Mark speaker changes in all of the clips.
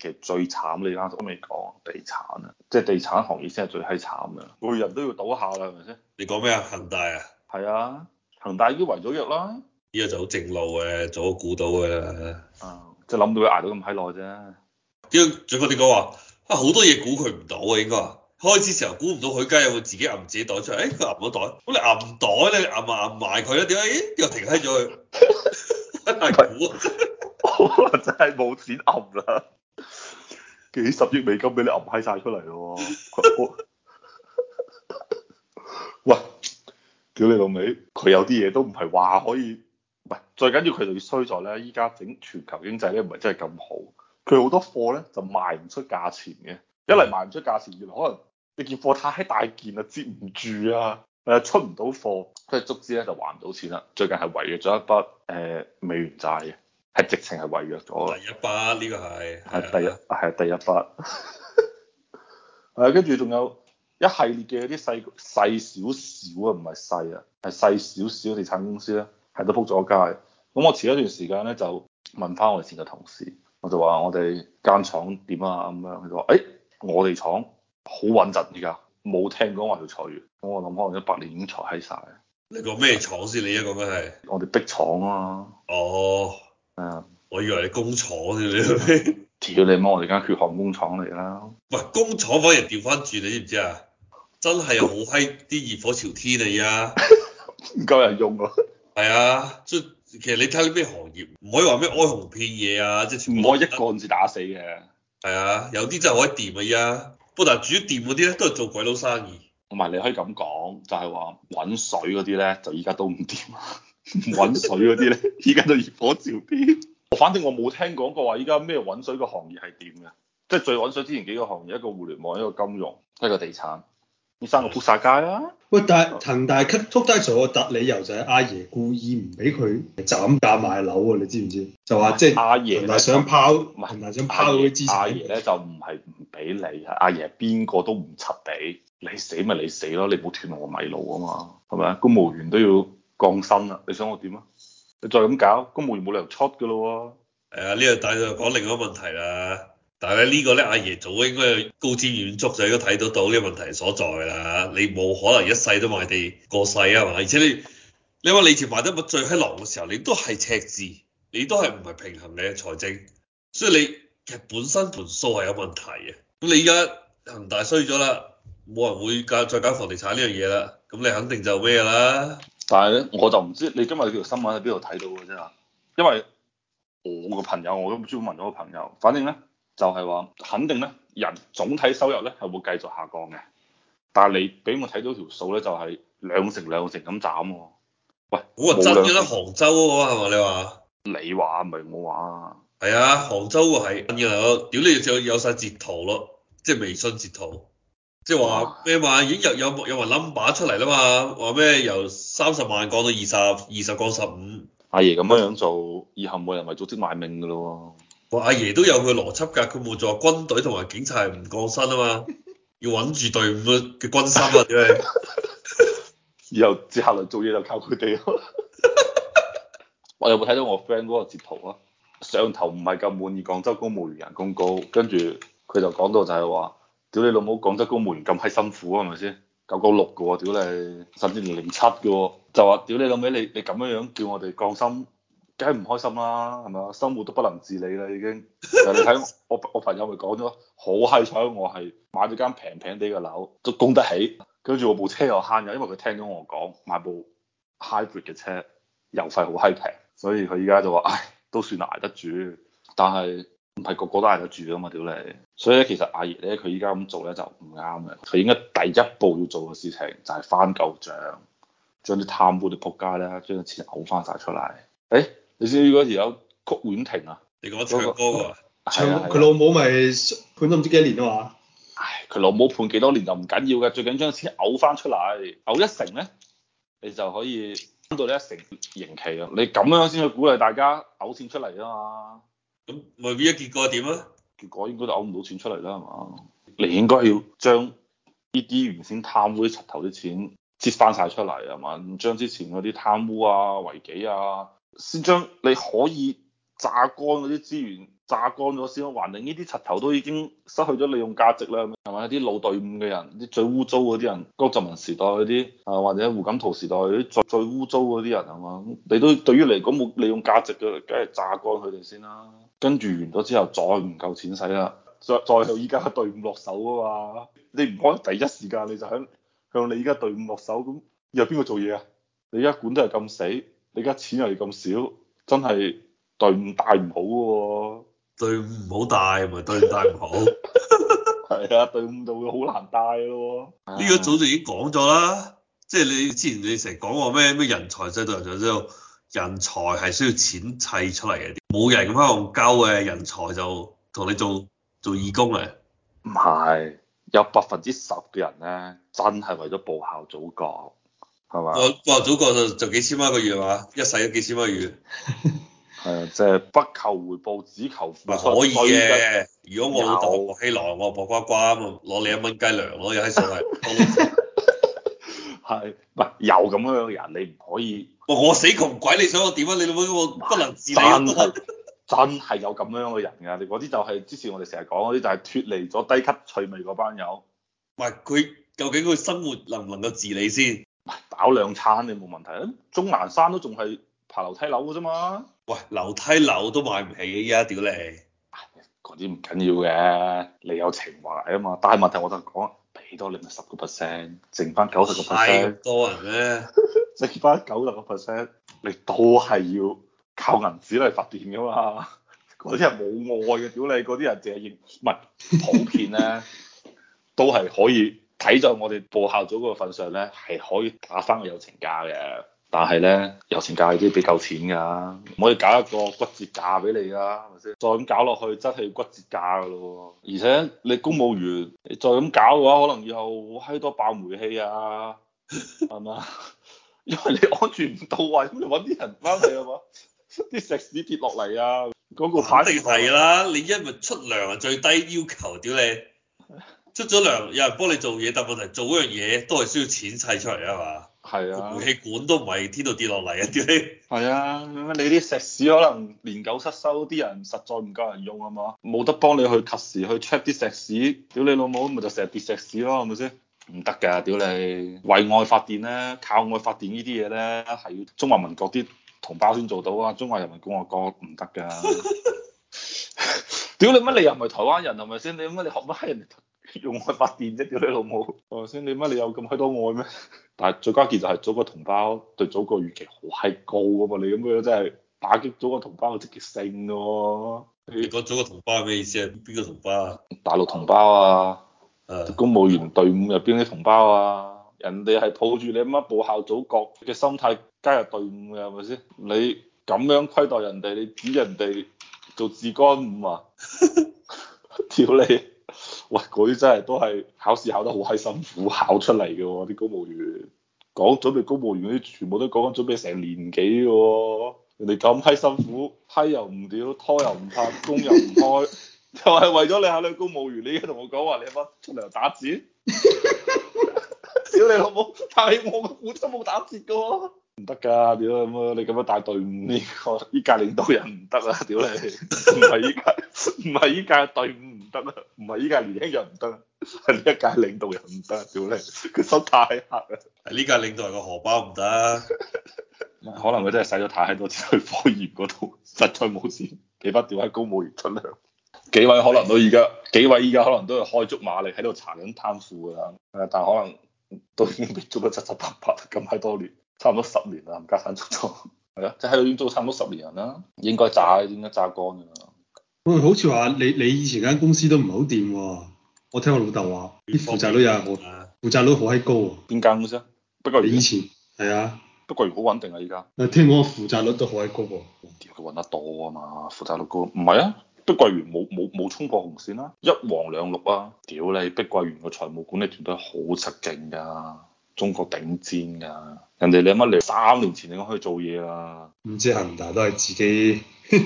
Speaker 1: 其實最慘你啱都未講地產啊，即係地產行業先係最閪慘啊！每人都要倒下啦，係咪先？你講咩啊？恒大啊？係啊，恒大已經違咗約啦。依家就好正路嘅做估到嘅啊，即係諗到佢捱到咁閪耐啫。
Speaker 2: 啲準哥點講啊？啊，好多嘢估佢唔到啊，應該。開始時候估唔到佢梗係會自己揞自己袋出嚟，誒，佢揞咗袋。咁你揞袋咧，你埋揞埋佢咧，點解？咦，又停低咗
Speaker 1: 佢。真係估，真係冇錢揞啦。幾十億美金俾你揞閪曬出嚟咯喎！喂，屌你老味！佢有啲嘢都唔係話可以，唔係最緊要佢哋衰咗咧，依家整全球經濟咧唔係真係咁好，佢好多貨咧就賣唔出價錢嘅，一嚟賣唔出價錢，二來可能你件貨太大件啊，接唔住啊，誒出唔到貨，即係足之咧就還唔到錢啦，最近係違約咗一筆誒、呃、美元債嘅。係直情係違約咗第一把，呢個係係第一係第一把，係跟住仲有一系列嘅啲細細少少啊，唔係細啊，係細少少地產公司咧，係都撲咗街。咁我遲一段時間咧就問翻我哋前嘅同事，我就話我哋間廠點啊咁樣，佢就話誒我哋廠好穩陣，而家冇聽講話要裁員。咁我諗可能一百年已經裁喺晒。你講咩廠先？你一個咩係？我哋逼廠啊！哦。Oh 啊！我以為你工廠嘅，你屌你媽！我哋間血汗工廠嚟啦。
Speaker 2: 喂，工廠，反而調翻轉，你知唔知啊？真係好閪，啲熱火朝天啊！唔 夠人用啊！係啊，所以其實你睇啲咩行業，唔可以話咩哀鴻遍野啊，即係唔可以一個字打死嘅。係啊，有啲真係可以掂啊！依家不過嗱，主要掂嗰啲咧都係做鬼佬生意。
Speaker 1: 同埋你可以咁講，就係話揾水嗰啲咧，就依家都唔掂。 搵水嗰啲咧，依家都熱火朝天。我 反正我冇聽講過話依家咩搵水嘅行業係點嘅，即、就、係、係、最搵水之前幾個行業，一個互聯網，一個金融，一個地產，依三個撲曬街啦、
Speaker 2: 啊。喂，但係恒大級撲低咗個特理由就係阿爺故意唔俾佢斬價賣樓啊。你知唔知？就話即係阿爺大想拋，阿、啊、爺想拋佢啲資產阿爺
Speaker 1: 咧、啊、就唔係唔俾你，阿、啊、爺邊個都唔插你，你死咪你死咯，你冇斷我米路啊嘛，係咪啊？公務員都要。降薪啊！你想我點啊？你再咁搞，公務員冇理由出嘅咯喎。係啊，呢個大就講另一個問題啦。
Speaker 2: 但係呢呢個咧，阿爺早應該高瞻遠矚，就應該睇到到呢個問題所在啦。你冇可能一世都賣地過世啊嘛。而且你，你話你以前賣得最閪狼嘅時候，你都係赤字，你都係唔係平衡你嘅財政，所以你其實本身盤數係有問題嘅。咁你而家恒大衰咗啦，冇人會搞再搞房地
Speaker 1: 產呢樣嘢啦。咁你肯定就咩啦？但係咧，我就唔知你今日條新聞喺邊度睇到嘅啫嚇，因為我個朋友，我都專門問咗個朋友，反正咧就係、是、話，肯定咧人總體收入咧係會繼續下降嘅。但係你俾我睇到條數咧，就係、是、兩成兩成咁斬喎、啊。喂，我說真嘅啦，杭州啊、哦、嘛，係嘛？你話？你話唔係我話？係啊，杭州啊係屌你，
Speaker 2: 仲有有晒截圖咯，即係微信截圖。.即係話咩嘛，已經有有有埋 number 出嚟啦嘛，話咩由三十萬降到二十，二十降十
Speaker 1: 五。阿爺咁樣樣做，以後冇人咪組織賣命噶咯喎。
Speaker 2: 話阿爺都有佢邏輯噶，佢冇做軍隊同埋警察係唔降薪啊嘛，要穩住隊伍嘅軍心啊，主要。
Speaker 1: 以後接下來做嘢就靠佢哋。我 有冇睇到我 friend 嗰個截圖啊？上頭唔係咁滿意廣州公務員人工高，跟住佢就講到就係話。屌你老母！廣州公務員咁閪辛苦啊，係咪先？九九六嘅喎，屌你，甚至零零七嘅喎，就話屌你老味，你你咁樣樣叫我哋降薪，梗係唔開心啦，係咪啊？生活都不能自理啦，已經。你睇我我朋友咪講咗，好閪彩，我係買咗間平平地嘅樓，都供得起，跟住我部車又慳咗，因為佢聽咗我講買部 hybrid 嘅車，油費好閪平，所以佢依家就話，唉，都算捱得住，但係。唔係個個都捱得住㗎嘛！屌你，所以咧，其實阿爺咧，佢依家咁做咧就唔啱嘅。佢應該第一步要做嘅事情就係、是、翻舊賬，將啲貪官啲仆街咧，將啲錢嘔翻晒出嚟。誒、欸，你知唔知嗰時有曲婉婷啊？你講唱歌嘅喎，唱歌佢老母
Speaker 2: 咪判咗唔知幾多年啊
Speaker 1: 嘛？唉、啊，佢老母判幾多年就唔緊要嘅，最緊將錢嘔翻出嚟，嘔一成咧，你就可以翻到呢一成刑期啊！你咁樣先去鼓勵大家嘔錢出嚟啊嘛～咁未必，一結果點啊？結果應該就攪唔到錢出嚟啦，係嘛？你應該要將呢啲原先貪污啲柒頭啲錢擠翻晒出嚟，係嘛？將之前嗰啲貪污啊、違紀啊，先將你可以榨乾嗰啲資源，榨乾咗先橫掂呢啲柒頭都已經失去咗利用價值啦，係嘛？一啲老隊伍嘅人，啲最污糟嗰啲人，江澤民時代嗰啲啊，或者胡錦濤時代嗰啲最最污糟嗰啲人，係嘛？你都對於嚟講冇利用價值嘅，梗係榨乾佢哋先啦。跟住完咗之後，再唔夠錢使啦，再再向依家隊伍落手啊嘛！你唔可以第一時間你就向向你依家隊伍落手，咁以後邊個做嘢啊？你而家管得又咁死，你而家錢又咁少，真係隊伍帶唔好嘅喎。隊伍唔好帶，咪隊伍帶唔好。係啊，隊伍就會好難帶咯。呢個早就
Speaker 2: 已經講咗啦，即係你之前你成日講過咩咩人才制度就又。人才係需要錢砌出嚟嘅，冇人咁樣用交嘅人才就同你做做義工啊？唔係，有百分之十嘅人咧，真係為咗報效祖國，係嘛？我報效祖國就就幾千蚊一個月嘛，一世都幾千蚊個月。
Speaker 1: 係啊，即係不求回報，只求付出。可以嘅，以如果我老豆起希我
Speaker 2: 婆瓜瓜咁攞你一蚊雞糧，我有閪上嚟。
Speaker 1: 係，唔係有咁樣嘅人，你唔可以。我死窮鬼，你想我點啊？你老母，我不能自理啊！真係有咁樣嘅人㗎，嗰啲就係、是、之前我哋成日講嗰啲，就係脱離咗低級趣味嗰班友。喂，佢究竟佢生活能唔能夠自理先？唔係飽兩餐你冇問題啊，鍾南山都仲係爬樓梯樓嘅啫嘛。喂，樓梯樓都買唔起啊！屌你，嗰啲唔緊要嘅，你有情懷啊嘛。但係問題我就講。俾多你咪十個 percent，剩翻九十個 percent。多多啊，剩翻九十個 percent，你都係要靠銀紙嚟發電噶嘛？嗰 啲人冇愛嘅，屌你嗰啲人淨係認，唔係普遍咧，都係可以睇在我哋播客組嘅份上咧，係可以打翻個友情價嘅。但係咧，友情價都要俾夠錢㗎、啊，可以搞一個骨折價俾你㗎、啊，係咪先？再咁搞落去真係要骨折價㗎咯喎，而且你公務員，你再咁搞嘅話，可能以後閪多爆煤氣啊，係嘛？ 因為你安全唔到位，咁你揾啲人返嚟係嘛？啲 石屎跌落嚟啊，嗰、那個肯定係
Speaker 2: 啦，你因為出糧啊最低要求屌你，出咗糧有人幫你做嘢，但問題做嗰樣嘢都係需要
Speaker 1: 錢砌出嚟啊嘛。是係啊，煤氣管都唔係天度跌落嚟啊！屌你係啊，你啲石屎可能年久失修，啲人實在唔夠人用啊嘛？冇得幫你去及時去 check 啲石屎，屌你老母，咪就成日跌石屎咯，係咪先？唔得㗎，屌你為愛發電咧，靠愛發電呢啲嘢咧，係要中華民國啲同胞先做到啊！中華人民共和國唔得㗎，屌你乜，你又唔係台灣人，係咪先？你乜你學乜人哋？用愛發電啫，屌你老母！係咪先？你乜你有咁閪多愛咩？ 但係最關鍵就係祖國同胞對祖國預期好，係高噶嘛？你咁樣真係打擊祖國同胞嘅積極性喎！你講祖國同
Speaker 2: 胞咩意思啊？邊個同
Speaker 1: 胞啊？大陸同胞啊！誒、啊，公務員隊伍入邊啲同胞啊！人哋係抱住你乜報效祖國嘅心態加入隊伍嘅係咪先？你咁樣虧待人哋，你指人哋做自幹五啊？屌 你！喂，嗰啲真係都係考試考得好閪辛苦，考出嚟嘅喎，啲公務員，講準備公務員嗰啲全部都講緊準備成年幾嘅喎，人哋咁閪辛苦，批又唔屌，拖又唔拍，工又唔開，就係 為咗你考你公務員，你而家同我講話你阿乜出糧打折？屌 你老母，太旺嘅廣州冇打折嘅喎，唔得㗎，屌你咁樣帶隊伍呢、呢個依屆領導人唔得啊，屌你，唔係依屆唔係依屆嘅隊伍。得唔係依家年輕人唔得，係呢一屆領導人唔得，屌你，佢心太黑啦。呢一屆領導人個荷包唔得，可能佢真係使咗太多錢去科研嗰度，實在冇錢，幾筆掉喺公務員出糧。幾位可能都而家，幾位依家可能都係開足馬力喺度查緊貪腐㗎啦，但係可能都已經被捉咗七七八八咁喺多年，差唔多十年啦，吳家鏘出咗，係啊，即係喺度已經捉差唔多十年人啦，應該炸，應該炸乾㗎啦。
Speaker 2: 我好似話，你你以前間公司都唔
Speaker 1: 好掂，我聽我老豆話，啲負債率又係好，負債率好閪高啊。邊間公司？碧桂園以前。係啊，碧桂園好穩定啊，而家。誒，聽講負債率都好閪高喎。屌佢搵得多啊嘛，負債率高，唔係啊？碧桂園冇冇冇衝破紅線啦，一黃兩綠啊！屌你，碧桂園個財務管理團隊好實勁噶，中國頂尖噶，人哋你乜嚟？三年前你講可以做嘢啊？唔知恒大都係自己。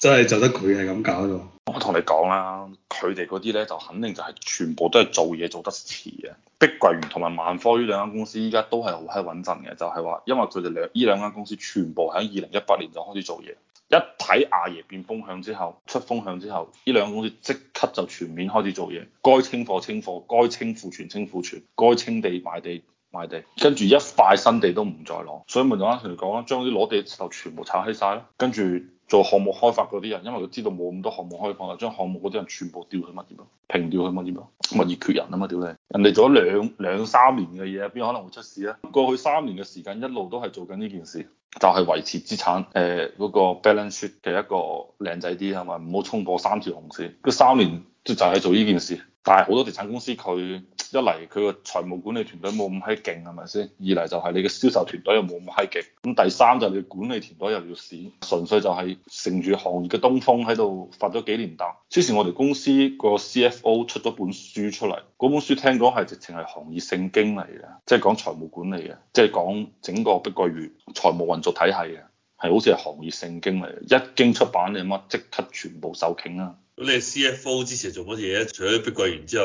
Speaker 1: 真係就得佢係咁搞。我同你講啦，佢哋嗰啲呢，就肯定就係全部都係做嘢做得遲嘅。碧桂園同埋萬科呢兩間公司依家都係好閪穩陣嘅，就係、是、話因為佢哋兩呢兩間公司全部喺二零一八年就開始做嘢。一睇阿爺變風向之後，出風向之後，呢兩間公司即刻就全面開始做嘢，該清貨清貨，該清庫存清庫存，該清地賣地賣地，跟住一塊新地都唔再攞。所以梅總啱啱同你講啦，將啲攞地嘅時候全部炒起晒咯，跟住。做項目開發嗰啲人，因為佢知道冇咁多項目開發，就將項目嗰啲人全部調去物業，平調去物業，物業缺人啊嘛，屌你！人哋做咗兩兩三年嘅嘢，邊可能會出事啊？過去三年嘅時間，一路都係做緊呢件事，就係、是、維持資產，誒、呃、嗰、那個 balance sheet 嘅一個靚仔啲係咪？唔好衝破三條紅線。佢三年就係做呢件事，但係好多地產公司佢。一嚟佢個財務管理團隊冇咁閪勁係咪先？二嚟就係你嘅銷售團隊又冇咁閪勁。咁第三就係你管理團隊又要屎。純粹就係乘住行業嘅東風喺度發咗幾年達。之前我哋公司個 CFO 出咗本書出嚟，嗰本書聽講係直情係行業聖經嚟嘅，即係講財務管理嘅，即係講整個碧桂園財務運作體系嘅，係好似係行業聖經嚟嘅。一經出版你乜即刻全部售罄啊！
Speaker 2: 你係 CFO 之前做
Speaker 1: 乜嘢？除咗碧桂園之外？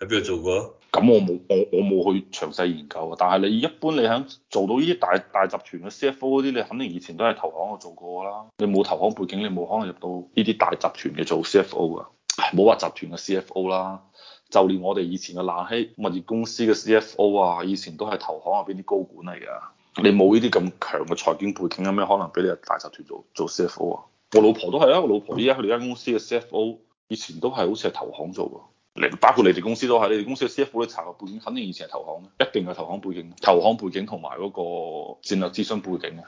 Speaker 1: 喺邊度做過？咁我冇，我我冇去詳細研究啊。但係你一般你喺做到呢啲大大集團嘅 CFO 嗰啲，你肯定以前都係投行啊做過啦。你冇投行背景，你冇可能入到呢啲大集團嘅做 CFO 啊。冇話集團嘅 CFO 啦，就連我哋以前嘅冷氣物業公司嘅 CFO 啊，以前都係投行入邊啲高管嚟噶。你冇呢啲咁強嘅財經背景，有咩可能俾你入大集團做做 CFO 啊？我老婆都係啊，我老婆依家佢哋間公司嘅 CFO，以前都係好似係投行做啊。包括你哋公司都係，你哋公司嘅 C.F. 我都查過背景，肯定以前係投行嘅，一定係投行背景，投行背景同埋嗰個戰略諮詢背景嘅。